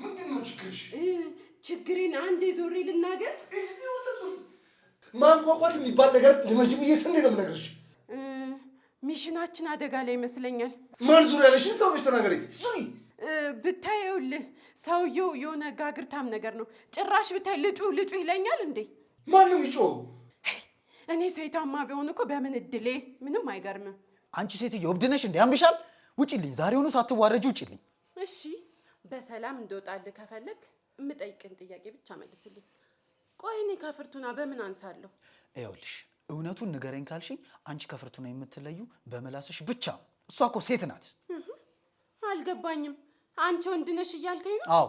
ምንድን ነው ችግርሽ? ችግሬን አንዴ ዞሬ ልናገር። ማንቋቋት የሚባል ነገር ልመጅ ብዬ ስንዴ ነው የምነግርሽ። ሚሽናችን አደጋ ላይ ይመስለኛል። ማን ዙሪያ ያለሽን ሰው ነሽ ተናገረኝ። ብታይ ሰውየው የሆነ ጋግርታም ነገር ነው። ጭራሽ ብታይ ልጩ ልጩ ይለኛል። እንዴ ማንም ይጮ እኔ ሰይታማ ቢሆን እኮ በምን እድሌ! ምንም አይገርምም። አንቺ ሴትዮ እብድ ነሽ እንዴ? ያምብሻል። ውጪልኝ፣ ዛሬውኑ ሳትዋረጅ ውጪልኝ። እሺ፣ በሰላም እንደወጣልህ ከፈለግ የምጠይቅን ጥያቄ ብቻ መልስልኝ። ቆይ እኔ ከፍርቱና በምን አንሳለሁ? ይኸውልሽ፣ እውነቱን ንገረኝ ካልሽኝ አንቺ ከፍርቱና የምትለዩ በመላሰሽ ብቻ። እሷ እኮ ሴት ናት። አልገባኝም። አንቺ ወንድ ነሽ እያልከኝ ነው? አዎ፣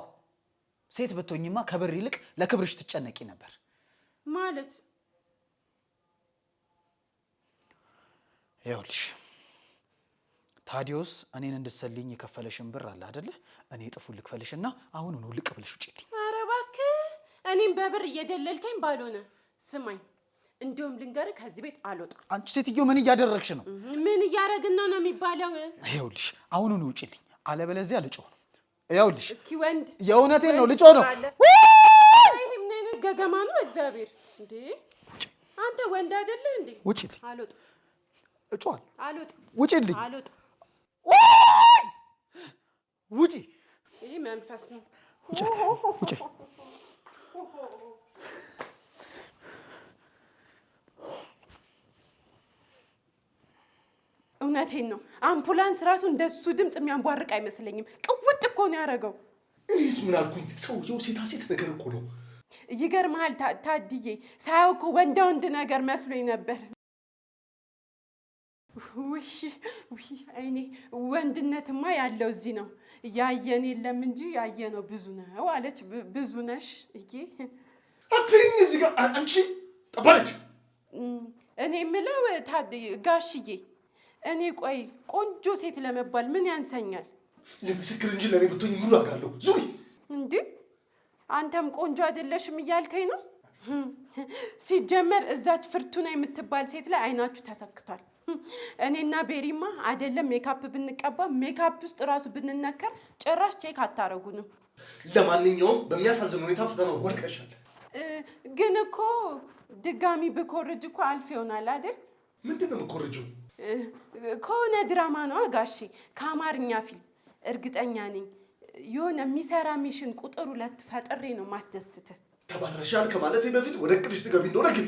ሴት ብትሆኝማ ከብር ይልቅ ለክብርሽ ትጨነቂ ነበር ማለት። ይኸውልሽ ታዲዮስ እኔን እንድትሰልኝ የከፈለሽን ብር አለ አደለ? እኔ ጥፉ ልክፈልሽና አሁን ኑ ልቅ ብለሽ ውጪልኝ። ኧረ እባክህ እኔም በብር እየደለልከኝ ባልሆነ። ስማኝ እንዲሁም ልንገር ከዚህ ቤት አልወጣም። አንቺ ሴትዮ ምን እያደረግሽ ነው? ምን እያደረግን ነው ነው የሚባለው? ይኸውልሽ አሁን ሆኖ ውጪልኝ፣ አለበለዚያ ልጮ ነው። ይኸውልሽ እስኪ ወንድ የእውነቴን ነው ልጮ ነው። ይህም ገገማ ነው እግዚአብሔር። እንዴ አንተ ወንድ አይደለህ እንዴ? ውጪልኝ። አልወጣም። እጮዋለሁ። አልወጣም። ውጪልኝ። አልወጣም ውጪ! ይሄ መንፈስ ነው። እውነቴን ነው። አምቡላንስ ራሱ እንደሱ ድምፅ የሚያንቧርቅ አይመስለኝም። ቅውጥ እኮ ነው ያደረገው። እኔስ ምን አልኩኝ? ሰውየው ሴታ ሴት ነገር እኮ ነው። ይገርመሃል ታድዬ፣ ሳያውቅ ወንዳ ወንድ ነገር መስሎኝ ነበር። ውይ ውይ አይኔ ወንድነትማ ያለው እዚህ ነው። ያየን የለም እንጂ ያየነው ብዙ ነው አለች። ብዙ ነሽ እዬ አትይኝ እዚህ ጋር አንቺ ጠባለች። እኔ የምለው ጋሽዬ፣ እኔ ቆይ ቆንጆ ሴት ለመባል ምን ያንሰኛል? ለምስክር እንጂ ለእኔ ብትሆኝ ሙሉ አጋለሁ። ዙሪ እንዲ አንተም ቆንጆ አይደለሽም እያልከኝ ነው። ሲጀመር እዛች ፍርቱና የምትባል ሴት ላይ አይናችሁ ተሰክቷል። እኔና ቤሪማ አይደለም ሜካፕ ብንቀባ ሜካፕ ውስጥ ራሱ ብንነከር ጭራሽ ቼክ አታረጉንም። ለማንኛውም በሚያሳዝን ሁኔታ ፈተና ወድቀሻል። ግን እኮ ድጋሚ ብኮርጅ እኮ አልፍ ይሆናል አይደል? ምንድን ነው ብኮርጁ? ከሆነ ድራማ ነው ጋሼ፣ ከአማርኛ ፊልም። እርግጠኛ ነኝ የሆነ የሚሰራ ሚሽን ቁጥር ሁለት ፈጥሬ ነው ማስደስት። ተባረሻል ከማለት በፊት ወደ እቅድሽ ትገቢ እንደሆነ ግቢ።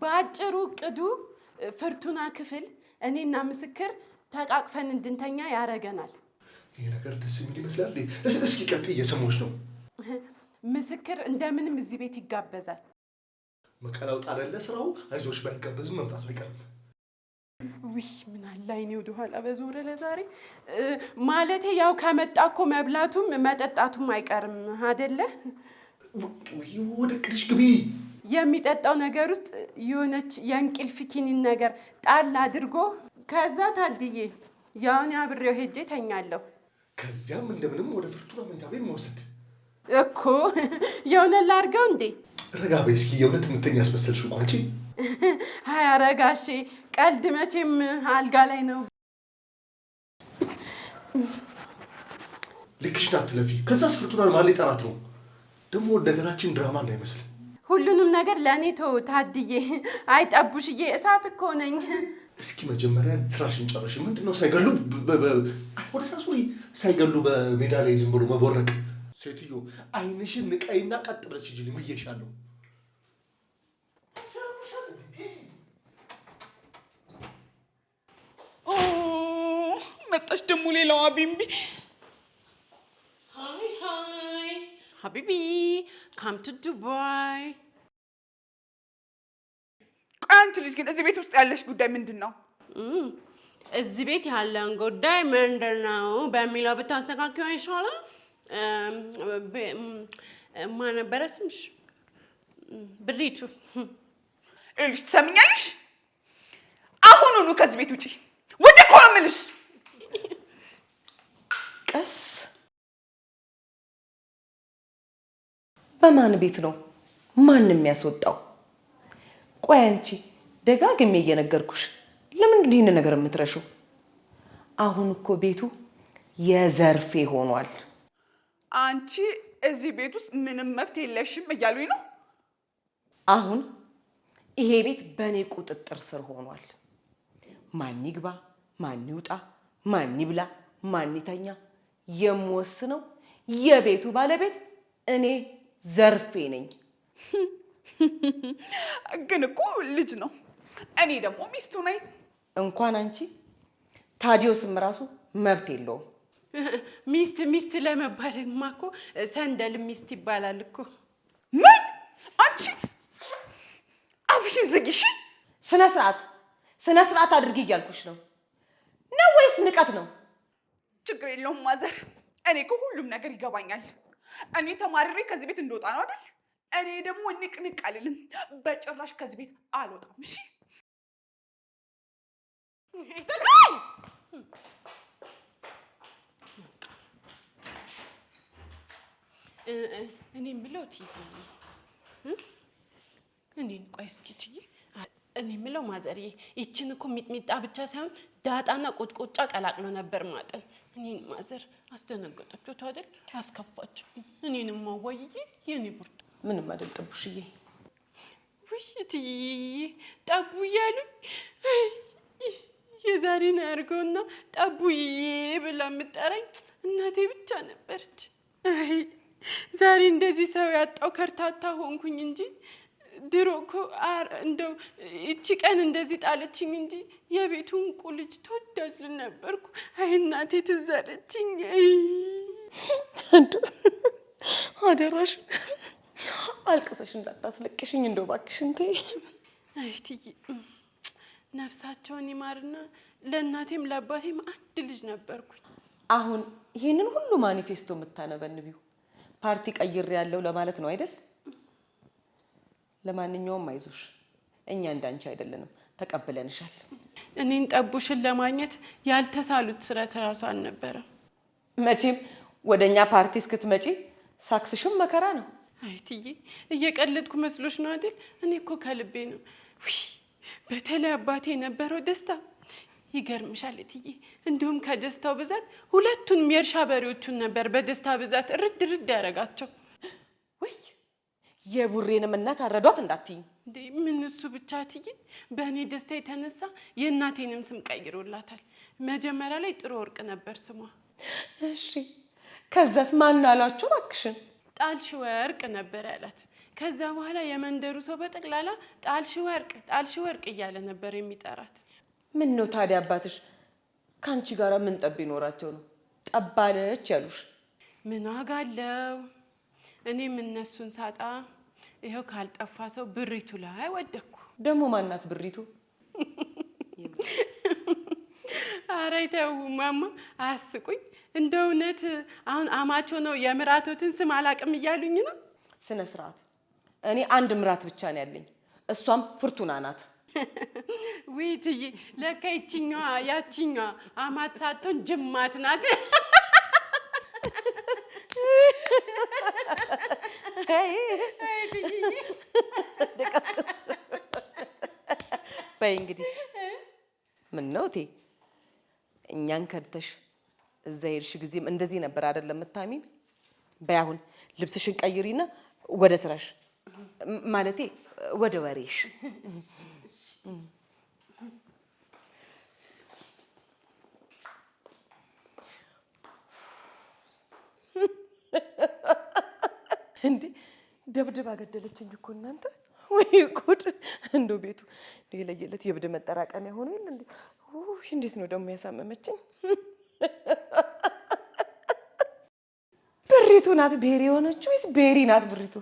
በአጭሩ ቅዱ ፍርቱና ክፍል እኔና ምስክር ተቃቅፈን እንድንተኛ ያደርገናል። ይህ ነገር ደስ የሚል ይመስላል። እስኪ ቀጥ እየሰሞች ነው። ምስክር እንደምንም እዚህ ቤት ይጋበዛል። መቀላውጥ አደለ ስራው። አይዞች ባይጋበዝም መምጣቱ አይቀርም። ውይ ምን አለ አይኔ ኋላ በዞረ ለዛሬ ማለቴ ያው ከመጣ እኮ መብላቱም መጠጣቱም አይቀርም አደለ። ወደ ቅድሽ ግቢ የሚጠጣው ነገር ውስጥ የሆነች የእንቅልፍ ኪኒን ነገር ጣል አድርጎ ከዛ ታድዬ ያውን አብሬው ሄጄ ተኛለሁ። ከዚያም እንደምንም ወደ ፍርቱና መኝታ ቤት መውሰድ እኮ የሆነ ላርገው እንዴ? ረጋ በይ እስኪ የእውነት የምተኛ ያስመሰልሽ እኮ አንቺ። ሀያ ረጋሼ ቀልድ መቼም አልጋ ላይ ነው። ልክሽን አትለፊ። ከዛስ ፍርቱናን ማን ሊጠራት ነው ደግሞ? ነገራችን ድራማ እንዳይመስል ሁሉንም ነገር ለእኔ ተወው ታድዬ። አይጠቡሽዬ እሳት እኮ ነኝ። እስኪ መጀመሪያ ስራሽን ጨርሽ። ምንድን ነው ሳይገሉ ወደ ሳሱ ሳይገሉ በሜዳ ላይ ዝም ብሎ መቦረቅ? ሴትዮ አይንሽን ንቀይና ቀጥ ብለሽ ጅል ብዬሻለሁ። መጣሽ ደግሞ ሌላዋ ቢምቢ ሀቢቢ ካም ቱ ዱባይ። ቆይ አንቺ ልጅ ግን እዚህ ቤት ውስጥ ያለሽ ጉዳይ ምንድን ነው? እዚህ ቤት ያለን ጉዳይ ምንድን ነው በሚለው ብታስተካክዪው ይሻላል። ማን ነበረ ስምሽ? ብሪቱ። ይኸውልሽ ትሰምኛለሽ? አሁኑኑ ከዚህ ቤት ውጪ! ውጪ እኮ ነው የምልሽ። ቀስ በማን ቤት ነው? ማን የሚያስወጣው? ቆይ አንቺ ደጋግሜ እየነገርኩሽ ለምንድን ይህን ነገር የምትረሺው? አሁን እኮ ቤቱ የዘርፌ ሆኗል። አንቺ እዚህ ቤት ውስጥ ምንም መብት የለሽም እያሉኝ ነው። አሁን ይሄ ቤት በእኔ ቁጥጥር ስር ሆኗል። ማን ይግባ፣ ማን ይውጣ፣ ማን ይብላ፣ ማን ይተኛ የምወስነው የቤቱ ባለቤት እኔ ዘርፌ ነኝ። ግን እኮ ልጅ ነው፣ እኔ ደግሞ ሚስቱ ነኝ። እንኳን አንቺ ታዲዮስም ራሱ መብት የለውም። ሚስት ሚስት ለመባልማ እኮ ሰንደል ሚስት ይባላል እኮ። ምን አንቺ አፍሽን ዝጊሽ። ስነ ስርዓት ስነ ስርዓት አድርጊ እያልኩሽ ነው። ነው ወይስ ንቀት ነው? ችግር የለውም ማዘር፣ እኔ እኮ ሁሉም ነገር ይገባኛል። እኔ ተማሪ ከዚህ ቤት እንደወጣ ነው አይደል? እኔ ደግሞ ንቅንቅ አልልም። በጭራሽ ከዚህ ቤት አልወጣም። እሺ እኔ የምለው ቲቪ እኔን ቆይ እስኪ ትዬ እኔ የምለው ማዘርዬ ይችን እኮ ሚጥሚጣ ብቻ ሳይሆን ዳጣና ቁጭቁጫ ቀላቅሎ ነበር ማጠን። እኔን ማዘር አስደነገጠችሁት አይደል? አስከፋችሁ። እኔንም ማዋይዬ የኔ ብርቱ ምንም አይደል ጠቡሽዬ። ውይ እትዬ ጠቡ እያሉኝ የዛሬን አያርገውና ጠቡዬ ብላ የምጠራኝ እናቴ ብቻ ነበረች። ዛሬ እንደዚህ ሰው ያጣው ከርታታ ሆንኩኝ እንጂ ድሮ እኮ እንደው እቺ ቀን እንደዚህ ጣለችኝ እንጂ የቤቱን እንቁ ልጅ ተወዳጅ ልነበርኩ። አይ እናቴ ትዝ አለችኝ። አደራሽ አልቅሰሽ እንዳታስለቅሽኝ እንደው እባክሽን ተይ። አይ እትዬ ነፍሳቸውን ይማርና ለእናቴም ለአባቴም አንድ ልጅ ነበርኩኝ። አሁን ይህንን ሁሉ ማኒፌስቶ የምታነበንቢው ፓርቲ ቀይሬ ያለው ለማለት ነው አይደል? ለማንኛውም አይዞሽ፣ እኛ እንዳንቺ አይደለንም፣ ተቀብለንሻል። እኔን ጠቡሽን ለማግኘት ያልተሳሉት ስረት እራሱ አልነበረም። መቼም ወደ እኛ ፓርቲ እስክትመጪ ሳክስሽም መከራ ነው። አይትዬ እየቀለድኩ መስሎሽ ነው አይደል? እኔ እኮ ከልቤ ነው። በተለይ አባቴ የነበረው ደስታ ይገርምሻል እትዬ። እንዲሁም ከደስታው ብዛት ሁለቱንም የእርሻ በሬዎቹን ነበር በደስታ ብዛት ርድ ርድ ያደረጋቸው። የቡሬንም እናት አረዷት እንዳትይኝ። ምን እሱ ብቻ ትዬ በእኔ ደስታ የተነሳ የእናቴንም ስም ቀይሮላታል። መጀመሪያ ላይ ጥሩ ወርቅ ነበር ስሟ። እሺ ከዛስ ማን አሏችሁ? እባክሽን ጣልሽ ወርቅ ነበር ያላት። ከዛ በኋላ የመንደሩ ሰው በጠቅላላ ጣልሽ ወርቅ ጣልሽ ወርቅ እያለ ነበር የሚጠራት። ምን ነው ታዲያ አባትሽ ከአንቺ ጋር ምን ጠብ ይኖራቸው ነው ጠባለች ያሉሽ? ምን ዋጋ አለው? እኔም እነሱን ሳጣ ይኸው ካልጠፋ ሰው ብሪቱ ላይ ወደኩ። ደግሞ ማናት ብሪቱ? አረ ተው ማማ አያስቁኝ። እንደ እውነት አሁን አማቸው ነው የምራቶትን ስም አላቅም እያሉኝ ነው። ስነ ስርዓት። እኔ አንድ ምራት ብቻ ነው ያለኝ፣ እሷም ፍርቱና ናት። ውይትዬ ለካ ይችኛዋ ያችኛዋ አማት ሳትሆን ጅማት ናት። በይ እንግዲህ ምን ነው እቴ እኛን ከድተሽ እዛ ሄድሽ ጊዜም እንደዚህ ነበር አይደለም የምታሚን። በይ አሁን ልብስሽን ቀይሪና ወደ ስራሽ ማለቴ ወደ ወሬሽ። እንዴ ደብድባ ገደለችኝ እኮ እናንተ። ወይ ጉድ! እንደው ቤቱ የለየለት የብድ መጠራቀሚያ ሆኖ የለ እንዴ? እንዴት ነው ደግሞ ያሳመመችኝ? ብሪቱ ናት ቤሪ የሆነችው ወይስ ቤሪ ናት ብሪቱ?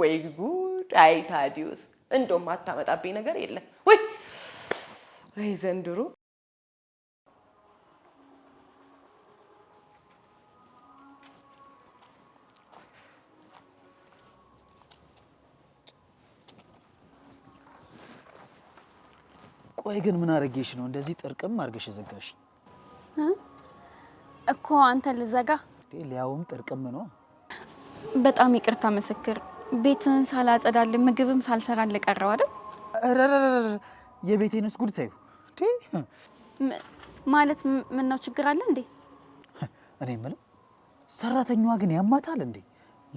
ወይ ጉድ! አይ ታዲዮስ፣ እንደውም አታመጣብኝ ነገር የለም ወይ ወይ ዘንድሮ ቆይ ግን ምን አረጌሽ ነው እንደዚህ ጥርቅም አርገሽ ዘጋሽ? እኮ አንተ ልዘጋ ሊያውም ጥርቅም ነው። በጣም ይቅርታ ምስክር፣ ቤትን ሳላጸዳል ምግብም ሳልሰራ ልቀረው አይደል? የቤቴንስ ጉድ ታዩ ማለት ምን ነው ችግር አለ እንዴ? እኔ የምለው ሰራተኛዋ ግን ያማታል እንዴ?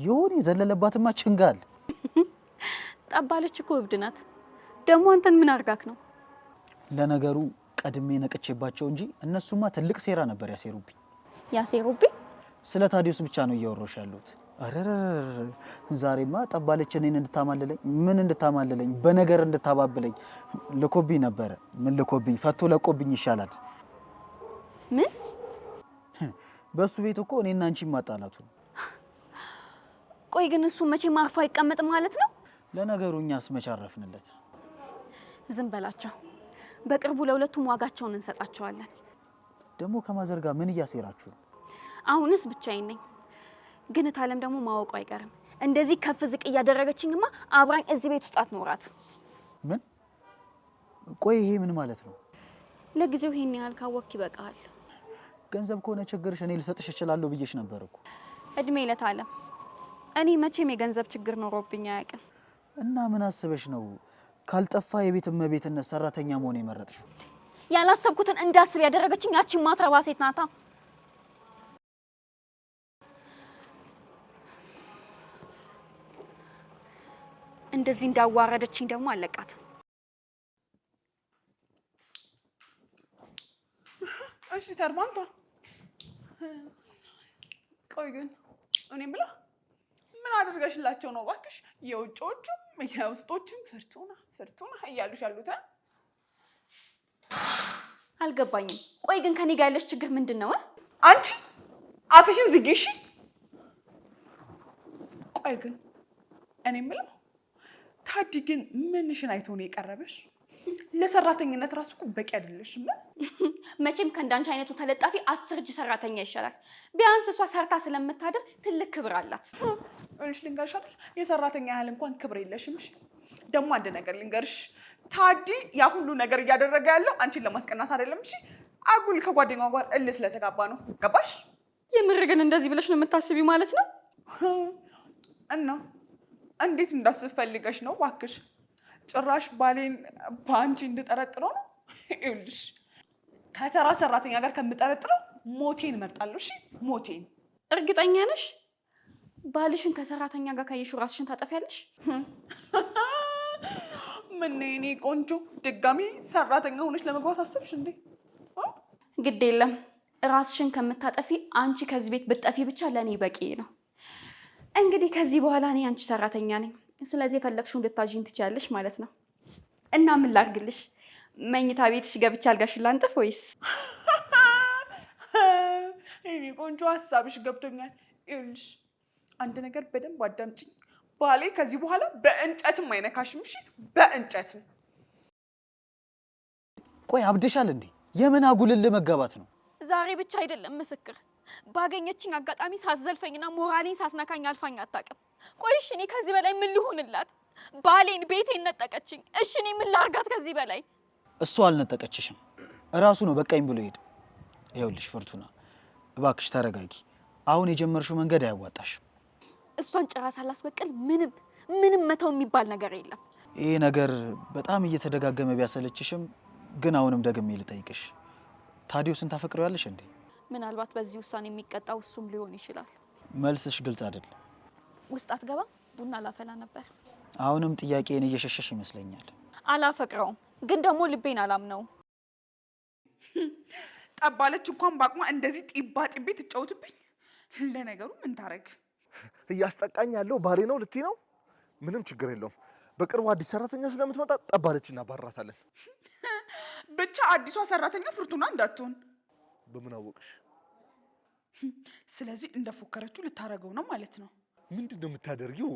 የሆነ የዘለለባትማ ችንጋል ጠባለች እኮ እብድ ናት። ደግሞ አንተን ምን አርጋክ ነው ለነገሩ ቀድሜ ነቅቼባቸው እንጂ እነሱማ ትልቅ ሴራ ነበር ያሴሩብኝ። ያሴሩብኝ? ስለ ታዲዮስ ብቻ ነው እያወሮሽ ያሉት። ዛሬማ ጠባለች እኔን እንድታማልለኝ፣ ምን እንድታማልለኝ፣ በነገር እንድታባብለኝ ልኮብኝ ነበረ። ምን ልኮብኝ? ፈቶ ለቆብኝ ይሻላል። ምን በእሱ ቤት እኮ እኔና አንቺ ማጣላቱ። ቆይ ግን እሱ መቼም አርፎ አይቀመጥም ማለት ነው? ለነገሩ እኛስ መቼ አረፍንለት? ዝም በላቸው። በቅርቡ ለሁለቱም ዋጋቸውን እንሰጣቸዋለን። ደግሞ ከማዘር ጋር ምን እያሴራችሁ ነው? አሁንስ ብቻዬን ነኝ፣ ግን እታለም ደግሞ ማወቁ አይቀርም። እንደዚህ ከፍ ዝቅ እያደረገችኝማ አብራኝ እዚህ ቤት ውስጥ አትኖራት። ምን? ቆይ ይሄ ምን ማለት ነው? ለጊዜው ይሄን ያህል ካወቅክ ይበቃሃል። ገንዘብ ከሆነ ችግርሽ እኔ ልሰጥሽ እችላለሁ ብዬሽ ነበር እኮ። እድሜ ለታለም፣ እኔ መቼም የገንዘብ ችግር ኖሮብኝ አያውቅም። እና ምን አስበሽ ነው ካልጠፋ የቤት እመቤትነት ሰራተኛ መሆን የመረጥሽው? ያላሰብኩትን እንዳስብ ያደረገችኝ ያቺ ማትረባ ሴት ናታ። እንደዚህ እንዳዋረደችኝ ደግሞ አለቃት። እሺ ተርማንቷ ቆይ ግን እኔም ብላ ምን አድርገሽላቸው ነው እባክሽ? የውጭዎቹም የውስጦችም ፍርቱና ፍርቱና እያሉሽ ያሉት አልገባኝም። ቆይ ግን ከኔ ጋር ያለሽ ችግር ምንድን ነው? አንቺ አፍሽን ዝጌሽ። ቆይ ግን እኔ የምለው ታዲ ግን ምንሽን አይቶ ነው የቀረበሽ? ለሰራተኝነት ራሱ እኮ በቂ አይደለሽም። መቼም ከእንዳንቺ አይነቱ ተለጣፊ አስር እጅ ሰራተኛ ይሻላል። ቢያንስ እሷ ሰርታ ስለምታድር ትልቅ ክብር አላት። እንሽ ልንገርሽ አይደል የሰራተኛ ያህል እንኳን ክብር የለሽም ደግሞ አንድ ነገር ልንገርሽ፣ ታዲ ያ ሁሉ ነገር እያደረገ ያለው አንቺን ለማስቀናት አይደለም። እሺ አጉል ከጓደኛዋ ጋር እል ስለተጋባ ነው። ገባሽ? የምር ግን እንደዚህ ብለሽ ነው የምታስቢ ማለት ነው? እና እንዴት እንዳስብ ፈልገሽ ነው? እባክሽ ጭራሽ ባሌን በአንቺ እንድጠረጥረው ነው? ይኸውልሽ ከተራ ሰራተኛ ጋር ከምጠረጥረው ሞቴን እመርጣለሁ። እሺ ሞቴን። እርግጠኛ ነሽ? ባልሽን ከሰራተኛ ጋር ካየሽው ራስሽን ታጠፊያለሽ። ምን የኔ ቆንጆ ድጋሚ ሰራተኛ ሆነች ለመግባት አስብሽ እንዴ? ግድ የለም ራስሽን ከምታጠፊ አንቺ ከዚህ ቤት ብጠፊ ብቻ ለእኔ በቂ ነው። እንግዲህ ከዚህ በኋላ እኔ አንቺ ሰራተኛ ነኝ። ስለዚህ የፈለግሽው እንድታዥኝ ትችያለሽ ማለት ነው። እና ምን ላርግልሽ? መኝታ ቤትሽ ገብቼ አልጋሽን ላንጥፍ ወይስ? ቆንጆ ሀሳብሽ ገብቶኛል። ይኸውልሽ አንድ ነገር በደንብ አዳምጭ ባሌ ከዚህ በኋላ በእንጨትም አይነካሽም። እሺ፣ በእንጨት ቆይ አብደሻል እንዴ? የምን አጉልል መጋባት ነው? ዛሬ ብቻ አይደለም ምስክር። ባገኘችኝ አጋጣሚ ሳትዘልፈኝና ሞራሌን ሳትነካኝ አልፋኝ አታውቅም። ቆይ እሺ፣ እኔ ከዚህ በላይ ምን ልሁንላት? ባሌን፣ ቤቴን ነጠቀችኝ። እሺ፣ እኔ ምን ላርጋት ከዚህ በላይ? እሱ አልነጠቀችሽም፣ እራሱ ነው በቃኝ ብሎ ሄደ። ይኸውልሽ፣ ፍርቱና እባክሽ ተረጋጊ። አሁን የጀመርሽው መንገድ አያዋጣሽም። እሷን ጭራ ሳላስበቅል ምንም ምንም መተው የሚባል ነገር የለም። ይሄ ነገር በጣም እየተደጋገመ ቢያሰለችሽም ግን አሁንም ደግሜ ልጠይቅሽ፣ ታዲዮስን ታፈቅሪዋለሽ እንዴ? ምናልባት በዚህ ውሳኔ የሚቀጣው እሱም ሊሆን ይችላል። መልስሽ ግልጽ አይደለም። ውስጥ አትገባም? ቡና ላፈላ ነበር። አሁንም ጥያቄን እየሸሸሽ ይመስለኛል። አላፈቅረውም፣ ግን ደግሞ ልቤን አላምነው ጠባለች እንኳን በአቅሟ እንደዚህ ጢባ ጢቤ ትጫወትብኝ። ለነገሩ ምን ታረግ እያስጠቃኝ ያለው ባሌ ነው ልትይ ነው? ምንም ችግር የለውም። በቅርቡ አዲስ ሰራተኛ ስለምትመጣ ጠባለች፣ እናባራታለን። ብቻ አዲሷ ሰራተኛ ፍርቱና እንዳትሆን። በምን አወቅሽ? ስለዚህ እንደፎከረችው ልታረገው ነው ማለት ነው። ምንድን ነው የምታደርጊው?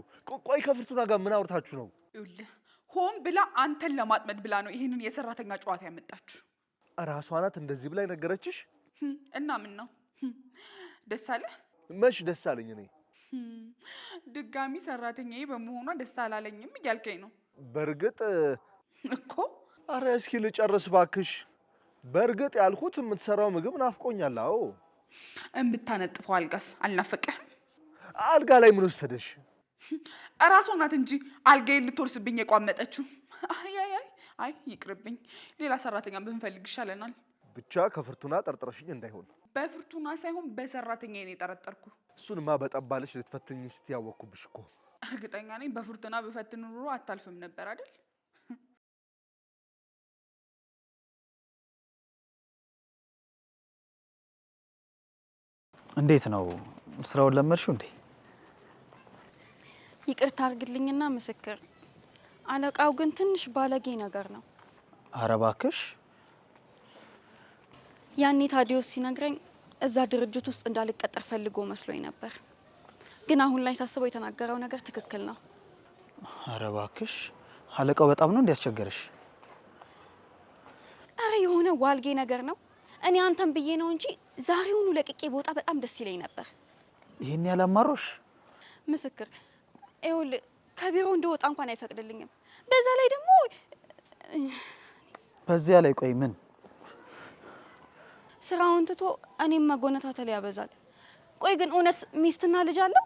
ቆይ ከፍርቱና ጋር ምን አውርታችሁ ነው? ይኸውልህ ሆን ብላ አንተን ለማጥመድ ብላ ነው ይህንን የሰራተኛ ጨዋታ ያመጣችሁ። እራሷ ናት እንደዚህ ብላ ነገረችሽ? እና ምን ነው ደስ አለህ? መች ደስ አለኝ እኔ ድጋሚ ሰራተኛዬ በመሆኗ ደስ አላለኝም እያልከኝ ነው? በእርግጥ እኮ አረ እስኪ ልጨርስ ባክሽ። በእርግጥ ያልኩት የምትሰራው ምግብ ናፍቆኛል። አዎ እምታነጥፈው አልጋስ አልናፈቀህም? አልጋ ላይ ምን ወሰደሽ? እራሷ ናት እንጂ አልጋዬን ልትወርስብኝ የቋመጠችው። አይ አይ አይ ይቅርብኝ። ሌላ ሰራተኛ ብንፈልግ ይሻለናል። ብቻ ከፍርቱና ጠርጥረሽኝ እንዳይሆን በፍርቱና ሳይሆን በሰራተኛ ነው የጠረጠርኩ። እሱንማ በጠባለሽ ልትፈትኝ ስት ያወቅኩብሽ እኮ። እርግጠኛ ነኝ በፍርቱና በፈትን ኑሮ አታልፍም ነበር አይደል? እንዴት ነው ስራውን ለመድሽው እንዴ? ይቅርታ አርግልኝና ምስክር አለቃው ግን ትንሽ ባለጌ ነገር ነው። አረባክሽ ያኔ ታዲዮስ ሲነግረኝ እዛ ድርጅት ውስጥ እንዳልቀጠር ፈልጎ መስሎኝ ነበር። ግን አሁን ላይ ሳስበው የተናገረው ነገር ትክክል ነው። አረ እባክሽ አለቃው በጣም ነው እንዲያስቸገረሽ? አረ የሆነ ዋልጌ ነገር ነው። እኔ አንተን ብዬ ነው እንጂ ዛሬውኑ ለቅቄ ቦታ በጣም ደስ ይለኝ ነበር። ይህን ያላማሮሽ ምስክር ይውል ከቢሮ እንደወጣ እንኳን አይፈቅድልኝም። በዛ ላይ ደግሞ በዚያ ላይ ቆይ ምን ስራውን ትቶ እኔም መጎነታተል ያበዛል። ቆይ ግን እውነት ሚስትና ልጅ አለው?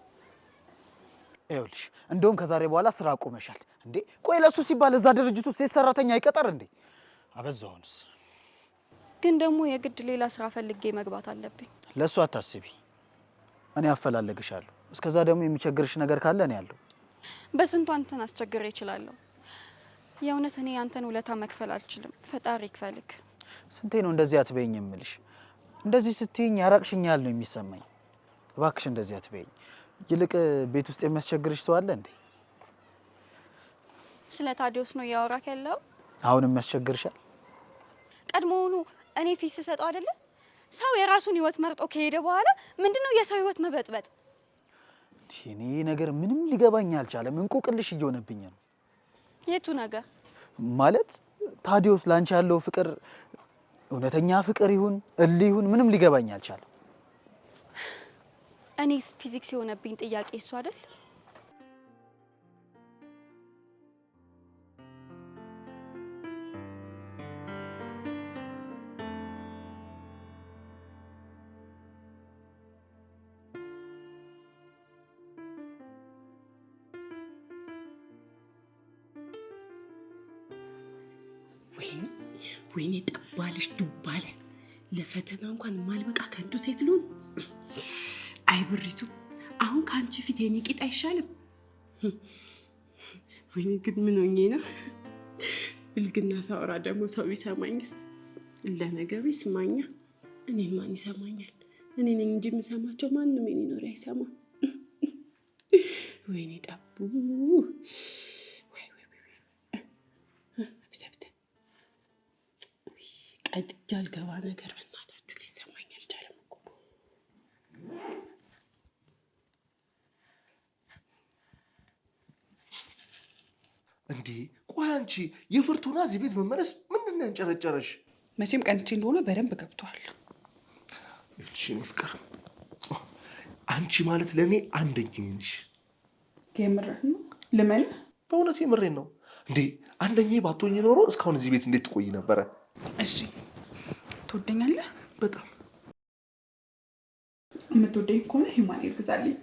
ይኸውልሽ እንደውም ከዛሬ በኋላ ስራ አቁመሻል እንዴ? ቆይ ለሱ ሲባል እዛ ድርጅቱ ሴት ሰራተኛ አይቀጠር እንዴ? አበዛውንስ። ግን ደግሞ የግድ ሌላ ስራ ፈልጌ መግባት አለብኝ። ለሱ አታስቢ፣ እኔ አፈላለግሻለሁ። እስከዛ ደግሞ የሚቸግርሽ ነገር ካለ እኔ ያለሁ። በስንቱ አንተን አስቸግሬ እችላለሁ። የእውነት እኔ አንተን ውለታ መክፈል አልችልም። ፈጣሪ ይክፈልክ። ስንቴ ነው እንደዚህ አትበይኝ የምልሽ? እንደዚህ ስትይኝ ያራቅሽኛል ነው የሚሰማኝ። እባክሽ እንደዚህ አትበይኝ። ይልቅ ቤት ውስጥ የሚያስቸግርሽ ሰው አለ እንዴ? ስለ ታዲዮስ ነው እያወራክ ያለው? አሁንም ያስቸግርሻል? ቀድሞውኑ እኔ ፊት ስሰጠው አይደለም። ሰው የራሱን ህይወት መርጦ ከሄደ በኋላ ነው የሰው ህይወት መበጥበጥ? እኔ ነገር ምንም ሊገባኝ አልቻለም። እንቁቅልሽ እየሆነብኝ ነው። የቱ ነገር ማለት ታዲዮስ ላንቺ ያለው ፍቅር እውነተኛ ፍቅር ይሁን እል ይሁን ምንም ሊገባኝ አልቻለም። እኔስ ፊዚክስ የሆነብኝ ጥያቄ እሱ አይደል? ወይኔ ፊትሽ ዱብ አለ። ለፈተና እንኳን ማልበቃ ከንቱ ሴት ልሁን? አይ ብሪቱ፣ አሁን ከአንቺ ፊት የኔ ቂጥ አይሻልም? ወይኔ ግን ምን ሆኜ ነው? ብልግና ሳወራ ደግሞ ሰው ይሰማኝስ? ለነገሩ ይስማኛ። እኔ ማን ይሰማኛል? እኔ ነኝ እንጂ የምሰማቸው ማንም የኔ ኖሪ አይሰማ። ወይኔ ጠቡ ቀድጄ አልገባ ነገር በእናታችሁ ሊሰማኝ አልቻለም እኮ እንዴ። ቆይ አንቺ የፍርቱና እዚህ ቤት መመለስ ምንድን ነው ያንጨረጨረሽ? መቼም ቀንቼ እንደሆነ በደንብ ገብቷል። እኔ ፍቅር አንቺ ማለት ለእኔ አንደኛዬ ነሽ። የምሬን ነው ልመን፣ በእውነት የምሬን ነው። እንዴ አንደኛዬ ባትሆኝ ኖሮ እስካሁን እዚህ ቤት እንዴት ትቆይ ነበረ? እሺ ትወደኛለህ? በጣም የምትወደኝ ከሆነ ሂማን ይርግዛልኝ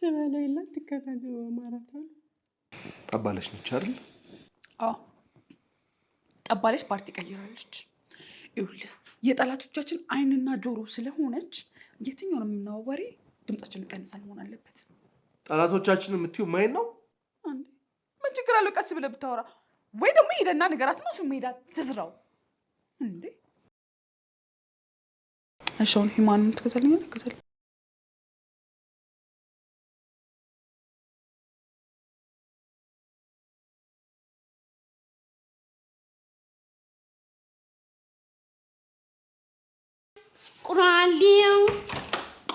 ተባለው የለ ትከታተሉ ማራቶን ጠባለች ነች አይደል? አዎ ጠባለች፣ ፓርቲ ቀይራለች። ይኸውልህ የጠላቶቻችን አይንና ጆሮ ስለሆነች የትኛው የትኛውን የምናወሬ ድምጻችን ቀንሳል መሆን አለበት። ጠላቶቻችን የምትዩ ማይን ነው። ምን ችግር አለው? ቀስ ብለህ ብታወራ ወይ ደግሞ ሄደና ነገራት ነው እሱም ሄዳ ትዝራው እንዴ። ሂማን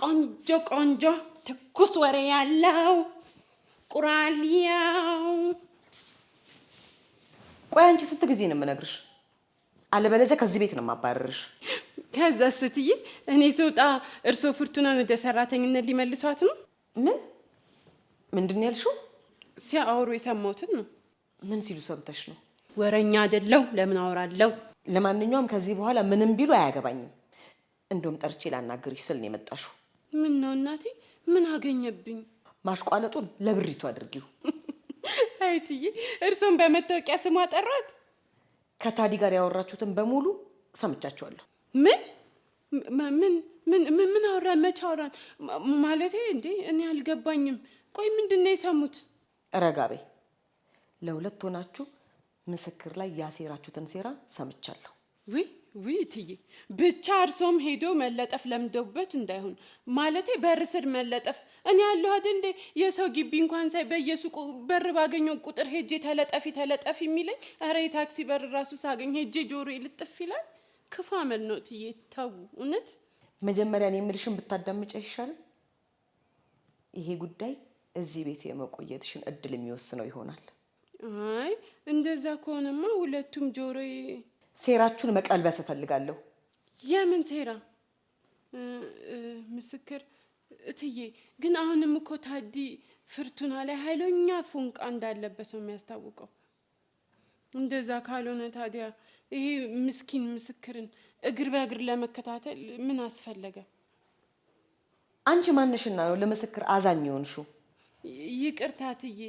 ቆንጆ ቆንጆ ትኩስ ወሬ ያለው ቁራሊያው ቆይ አንቺ ስንት ጊዜ ነው የምነግርሽ? አለበለዚያ ከዚህ ቤት ነው የማባረርሽ። ከዛ ስትይ እኔ ስወጣ እርሶ ፍርቱናን ወደ ሰራተኝነት ሊመልሷት ነው። ምን ምንድን ነው ያልሽው? ሲያወሩ የሰማሁትን ነው። ምን ሲሉ ሰምተሽ ነው? ወረኛ አይደለሁ ለምን አወራለሁ። ለማንኛውም ከዚህ በኋላ ምንም ቢሉ አያገባኝም። እንደውም ጠርቼ ላናግርሽ ስል ነው የመጣሽው። ምን ነው እናቴ? ምን አገኘብኝ? ማሽቋለጡን ለብሪቱ አድርጊው። አይትዬ እርሱን በመታወቂያ ስሟ ጠሯት። ከታዲ ጋር ያወራችሁትን በሙሉ ሰምቻችኋለሁ። ምን ምን ምን ምን አወራን? መቼ አወራን? ማለቴ እንዴ እኔ አልገባኝም። ቆይ ምንድን ነው የሰሙት? ረጋቤ ለሁለት ሆናችሁ ምስክር ላይ ያሴራችሁትን ሴራ ሰምቻለሁ። ውይ ውይ ብቻ እርሶም ሄዶ መለጠፍ ለምደውበት እንዳይሆን ማለቴ በር ስር መለጠፍ። እኔ ያለሁ አይደል እንዴ የሰው ግቢ እንኳን ሳይ በየሱቁ በር ባገኘው ቁጥር ሄጄ ተለጠፊ ተለጠፊ የሚለኝ። ኧረ የታክሲ በር ራሱ ሳገኝ ሄጄ ጆሮ ልጥፍ ይላል። ክፉ አመል ነው ተው። እውነት መጀመሪያ እኔ የምልሽን ብታዳምጭ አይሻልም? ይሄ ጉዳይ እዚህ ቤት የመቆየትሽን እድል የሚወስነው ይሆናል። አይ እንደዛ ከሆነማ ሁለቱም ጆሮዬ ሴራችሁን መቀልበስ እፈልጋለሁ። የምን ሴራ? ምስክር እትዬ፣ ግን አሁንም እኮ ታዲ ፍርቱና ላይ ኃይለኛ ፉንቃ እንዳለበት ነው የሚያስታውቀው። እንደዛ ካልሆነ ታዲያ ይሄ ምስኪን ምስክርን እግር በእግር ለመከታተል ምን አስፈለገ? አንቺ ማንሽና ነው ለምስክር አዛኝ የሆንሽው? ይቅርታ ትዬ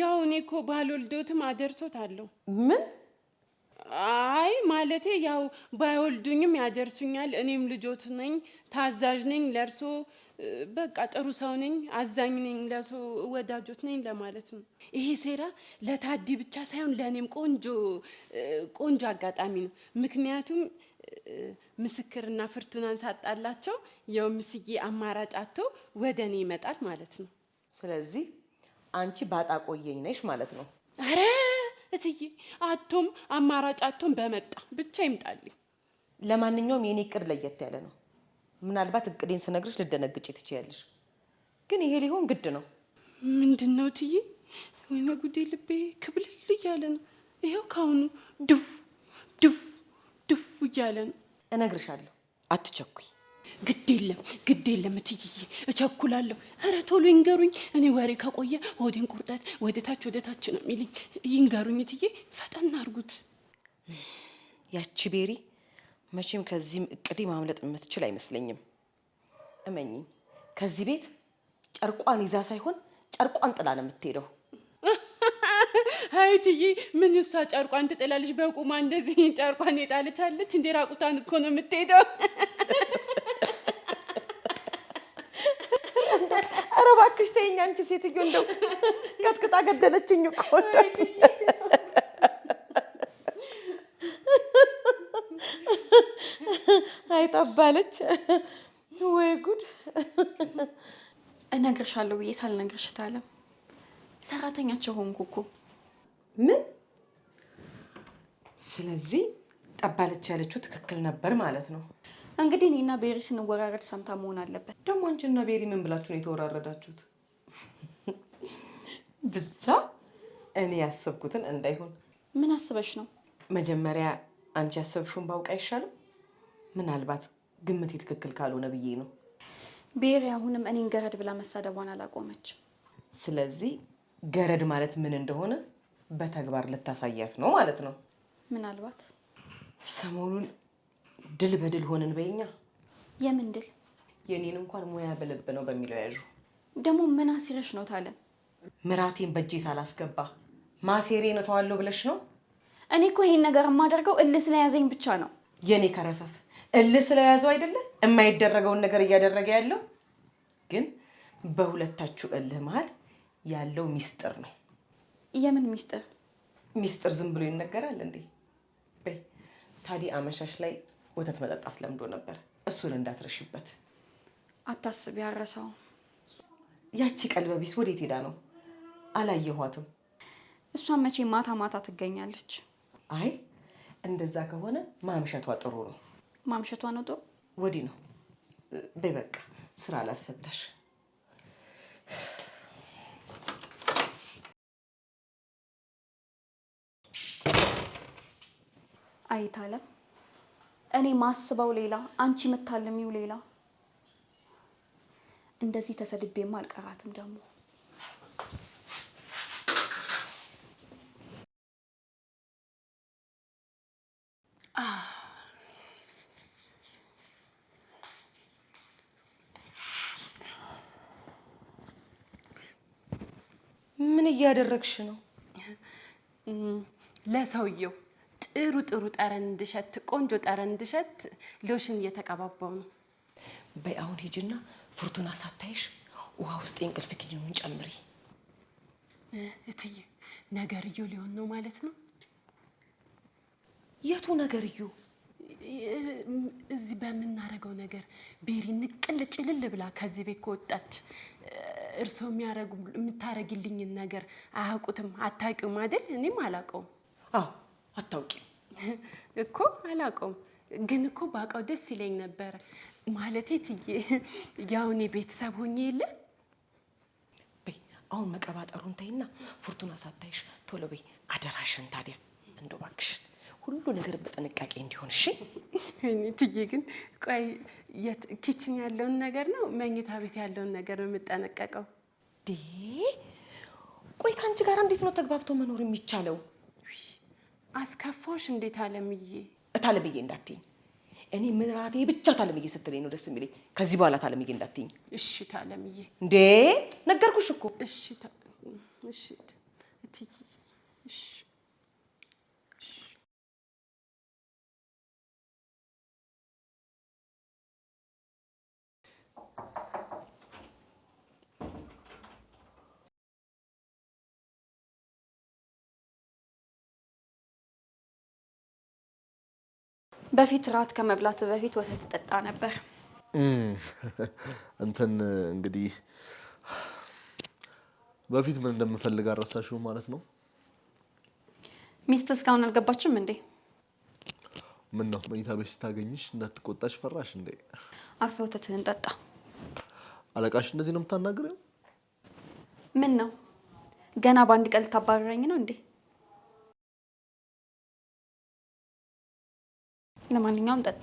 ያው እኔ እኮ አደርሶት አለው። ምን ማለቴ ያው ባይወልዱኝም ያደርሱኛል። እኔም ልጆት ነኝ፣ ታዛዥ ነኝ ለእርሶ በቃ ጥሩ ሰው ነኝ፣ አዛኝ ነኝ፣ ለሰው ወዳጆት ነኝ ለማለት ነው። ይሄ ሴራ ለታዲ ብቻ ሳይሆን ለእኔም ቆንጆ ቆንጆ አጋጣሚ ነው። ምክንያቱም ምስክርና ፍርቱናን ሳጣላቸው የው ምስዬ አማራጭ አቶ ወደ እኔ ይመጣል ማለት ነው። ስለዚህ አንቺ ባጣ ቆየኝ ነሽ ማለት ነው። አረ እትዬ አቶም አማራጭ አቶም በመጣ ብቻ ይምጣልኝ። ለማንኛውም የኔ እቅድ ለየት ያለ ነው። ምናልባት እቅዴን ስነግርሽ ልደነግጭ ትችያለሽ፣ ግን ይሄ ሊሆን ግድ ነው። ምንድን ነው እትዬ? ወይኔ ጉዴ፣ ልቤ ክብልል እያለ ነው። ይኸው ካሁኑ ድው ድው ድው እያለ ነው። እነግርሻለሁ፣ አትቸኩይ። ግድ የለም ግድ የለም እትይዬ፣ እቸኩላለሁ። ኧረ ቶሎ ይንገሩኝ። እኔ ወሬ ከቆየ ሆዴን ቁርጠት ወደታች ወደታች ነው የሚልኝ። ይንገሩኝ እትዬ፣ ፈጠን አድርጉት። ያቺ ቤሪ መቼም ከዚህም እቅዴ ማምለጥ የምትችል አይመስለኝም። እመኝኝ፣ ከዚህ ቤት ጨርቋን ይዛ ሳይሆን ጨርቋን ጥላ ነው የምትሄደው። አይ እትዬ፣ ምን እሷ ጨርቋን ትጥላለች? በቁማ እንደዚህ ጨርቋን የጣለች አለች እንዴ? ራቁቷን እኮ ነው የምትሄደው። ኧረ እባክሽ ተይኝ አንቺ ሴትዮ፣ እንደው ቀጥቅጣ ገደለችኝ እኮ አይጠባለች ወይ ጉድ! እነግርሻለሁ ብዬ ሳልነግርሽ ታለም ሰራተኛቸው ሆንኩ እኮ ምን? ስለዚህ ጠባለች ያለችው ትክክል ነበር ማለት ነው። እንግዲህ እኔና ቤሪ ስንወራረድ ሰምታ መሆን አለበት። ደግሞ አንቺና ቤሪ ምን ብላችሁ ነው የተወራረዳችሁት? ብቻ እኔ ያሰብኩትን እንዳይሆን። ምን አስበሽ ነው? መጀመሪያ አንቺ ያሰብሽውን ባውቅ አይሻልም? ምናልባት ግምቴ ትክክል ካልሆነ ብዬ ነው። ቤሪ አሁንም እኔን ገረድ ብላ መሳደቧን አላቆመችም። ስለዚህ ገረድ ማለት ምን እንደሆነ በተግባር ልታሳያት ነው ማለት ነው። ምናልባት ሰሞኑን ድል በድል ሆንን በይኛ። የምን ድል? የኔን እንኳን ሙያ በልብ ነው በሚለው ያዥ። ደግሞ ምን አሲረሽ ነው ታለ? ምራቴን በእጄ ሳላስገባ ማሴሬ ነው ተዋለው ብለሽ ነው? እኔ እኮ ይሄን ነገር የማደርገው እልህ ስለያዘኝ ብቻ ነው። የእኔ ከረፈፍ እልህ ስለያዘው አይደለም የማይደረገውን ነገር እያደረገ ያለው ግን በሁለታችሁ እልህ መሀል ያለው ሚስጥር ነው። የምን ሚስጥር? ሚስጥር ዝም ብሎ ይነገራል እንዴ? በይ ታዲያ አመሻሽ ላይ ወተት መጠጣት ለምዶ ነበር። እሱን እንዳትረሽበት። አታስብ፣ ያረሳው። ያቺ ቀልበቢስ ወዴት ሄዳ ነው? አላየኋትም። እሷን መቼ ማታ ማታ ትገኛለች። አይ እንደዛ ከሆነ ማምሸቷ ጥሩ ነው። ማምሸቷ ነው ጥሩ። ወዲህ ነው በበቃ ስራ አላስፈታሽ። አይታለም እኔ ማስበው ሌላ፣ አንቺ የምታልሚው ሌላ። እንደዚህ ተሰድቤም አልቀራትም ደግሞ ምን እያደረግሽ ነው? ለሰውየው ጥሩ ጥሩ ጠረንድ እንድሸት ቆንጆ ጠረንድ እንድሸት ሎሽን እየተቀባባው ነው። በይ አሁን ሂጂና ፍርቱና ሳታይሽ ውሃ ውስጥ የእንቅልፍ ኪኒኑን ጨምሪ። እትዬ ነገርዮ ሊሆን ነው ማለት ነው። የቱ ነገርዮ? እዚህ በምናደርገው ነገር ቤሪ ንቅል ጭልል ብላ ከዚህ ቤት ከወጣች እርስዎ የምታረግልኝን ነገር አያውቁትም፣ አታውቂውም አይደል? እኔም አላውቀውም። አዎ አታውቂም እኮ? አላውቀውም፣ ግን እኮ ባውቀው ደስ ይለኝ ነበረ። ማለቴ ትዬ ያው ቤተሰብ ሆኜ የለ በይ። አሁን መቀባጠሩን ተይና ፉርቱና ሳታይሽ ቶሎ በይ አደራሽን። ታዲያ እንደው ሁሉ ነገር በጥንቃቄ እንዲሆን እሺ። እኔ ትዬ ግን ቆይ ኪችን ያለውን ነገር ነው መኝታ ቤት ያለውን ነገር ነው የምጠነቀቀው። ቆይ ከአንቺ ጋር እንዴት ነው ተግባብቶ መኖር የሚቻለው? አስከፋሽ እንዴት አለምዬ? እታለምዬ እንዳትኝ። እኔ ምራቴ ብቻ ታለምዬ ስትለኝ ነው ደስ የሚለኝ። ከዚህ በኋላ ታለምዬ እንዳትኝ እሺ? ታለምዬ እንዴ ነገርኩሽ እኮ እሺ። እሺ እሺ በፊት ራት ከመብላት በፊት ወተት ጠጣ ነበር። እንትን እንግዲህ በፊት ምን እንደምፈልግ አረሳሽው ማለት ነው። ሚስት እስካሁን አልገባችም እንዴ? ምን ነው መኝታ ቤት ስታገኝሽ እንዳትቆጣሽ ፈራሽ እንዴ? አርፈ ወተትህን ጠጣ። አለቃሽ እንደዚህ ነው የምታናግረው? ምን ነው ገና በአንድ ቀን ልታባረረኝ ነው እንዴ? ለማንኛውም ጠጣ።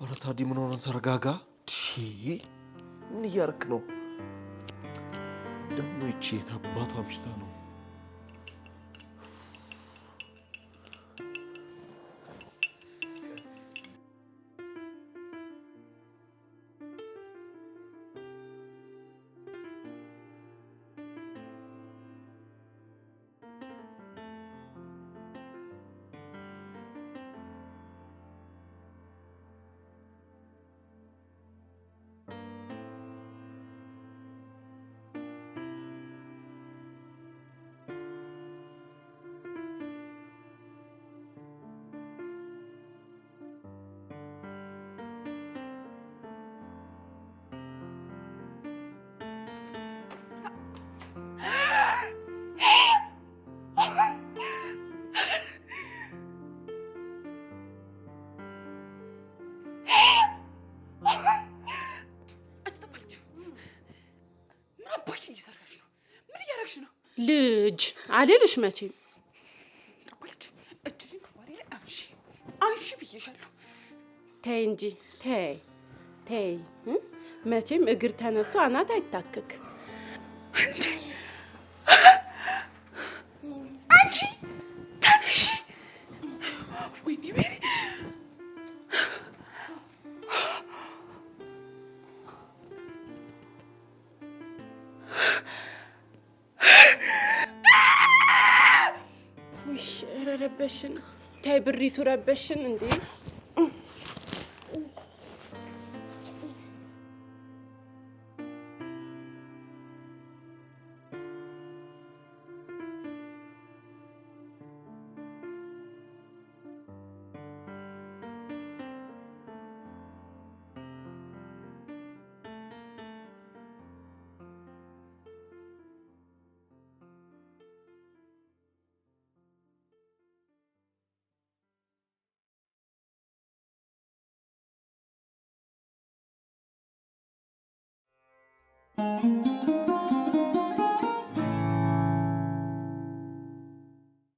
ኧረ ታዲያ ምን ሆነን? ተረጋጋ። ምን እያደረክ ነው ደግሞ? ይቺ የት አባቷ አምሽታ ነው ልጅ አልልሽ መቼም አንሺ ብዬሻለሁ። ተይ እንጂ ተይ ተይ። መቼም እግር ተነስቶ አናት አይታከክ ረበሽን ታይ ብሪቱ ረበሽን እንዴ